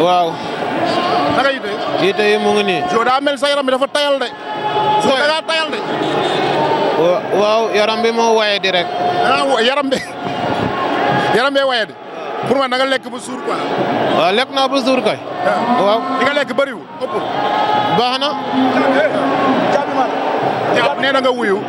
waaw. naka yite yi. yite yi mu ngi nii. mel sa yaram bi dafa tayal de. sooy da ngaa tayal de. waaw yaram bi moo waye di yaram bi yaram bee waye di. pour man da lekk bu suur quoi. waaw lekk naa bu suur kay. Ah. waaw li nga lekk bëriwul baax na. nee na nga wuyu.